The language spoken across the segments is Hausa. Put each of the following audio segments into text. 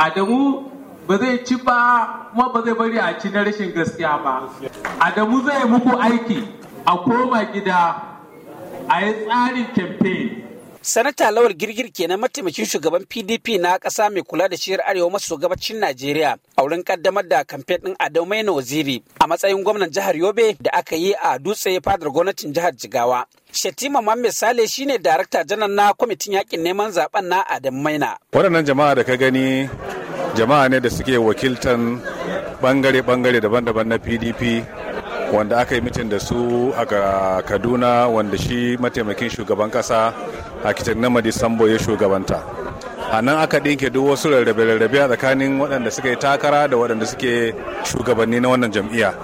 Adamu ba zai ci ba kuma ba zai bari a ci na rashin gaskiya ba. Adamu zai muku aiki a koma gida a yi tsarin campaign. Sanata Lawal Girgir kenan mataimakin shugaban PDP na ƙasa mai kula da shiyar Arewa maso gabacin Najeriya a wurin kaddamar da kamfen ɗin Adamu Maina Waziri a matsayin gwamnan jihar Yobe da aka yi a dutse fadar gwamnatin jihar Jigawa. Shatima Muhammad Sale shine darakta janar na kwamitin yakin neman zaben na Adamu Maina. Waɗannan jama'a da ka gani jama'a ne da suke wakiltan bangare-bangare daban-daban na pdp wanda aka yi mitin da su a kaduna wanda shi mataimakin shugaban kasa hakitan namadi sambo ya shugabanta a nan aka ɗinke duk wasu rarrabe-rarrabe a tsakanin waɗanda suka yi takara da waɗanda suke shugabanni na wannan jam'iyya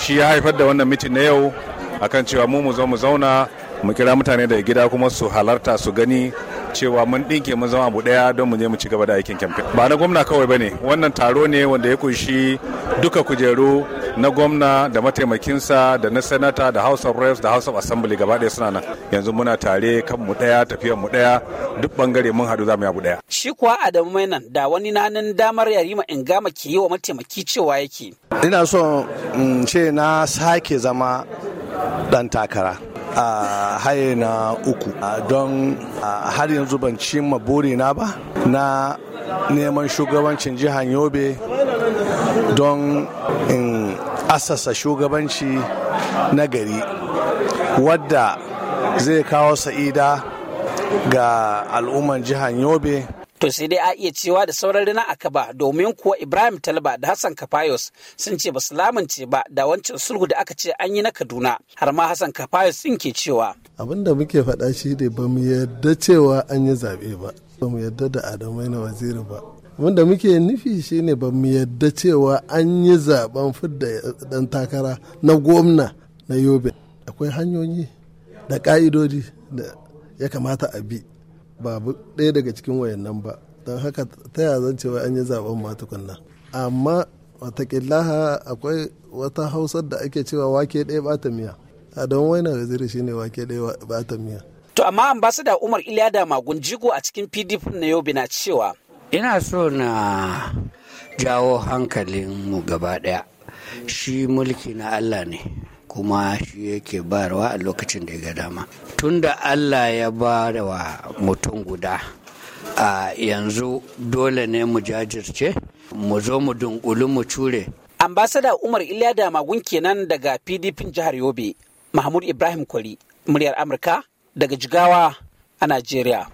shi ya haifar da wannan mitin na yau akan cewa mu mu zo mu zauna mu kira mutane da gida kuma su halarta su gani cewa mun ɗinke mun zama abu ɗaya don mu je mu ci gaba da aikin kamfen ba na gwamna kawai ba ne wannan taro ne wanda ya kunshi duka kujeru na gwamna da mataimakinsa da na senata da house of reps da house of assembly gaba ɗaya suna nan yanzu muna tare kan mu ɗaya tafiyar mu ɗaya duk bangare mun haɗu za mu yi abu ɗaya shi kuwa adamu mainan da wani nanin damar yarima gama ke yi wa mataimaki cewa yake ina so in ce na sake zama ɗan takara a haye na uku don har yanzu ban cimma burina ba na neman shugabancin jihan yobe don in asasa shugabanci na gari wadda zai kawo sa'ida ga al'umman jihan yobe To sai dai a iya cewa da sauran rina aka ba domin kuwa Ibrahim Talba da Hassan Kafayos sun ce basu lamunce ba da wancan sulhu da aka ce an yi na Kaduna har ma Hassan Kafayos sun ke cewa. Abin da muke faɗa shi ne ba mu yarda cewa an yi zaɓe ba, ba mu yarda da Adamu na waziri ba. Abin da muke nufi shi ne ba mu yarda cewa an yi zaɓen fidda ɗan takara na gwamna na Yobe. Akwai hanyoyi da ƙa'idodi da ya kamata a bi. ba ɗaya daga cikin wayannan ba don haka ta yaya zan cewa an yi zaben ma tukunna amma watakillaha akwai wata hausar da ake cewa wake ɗaya ba ta miya a don waina waziri shine wake ɗaya ba ta miya to amma ambasada umar iliyada magun jigo a cikin pdp na yobe na cewa ina so na jawo hankalin mu gaba ɗaya shi mulki na Allah ne kuma shi yake bayarwa a lokacin da ya ga dama tunda Allah ya ba wa mutum guda a yanzu dole ne mu jajirce mu zo mu dunkulu mu cure ambasada umar Iliya da magun kenan daga pdp jihar yobe mahmud ibrahim kwari muryar amurka daga jigawa a najeriya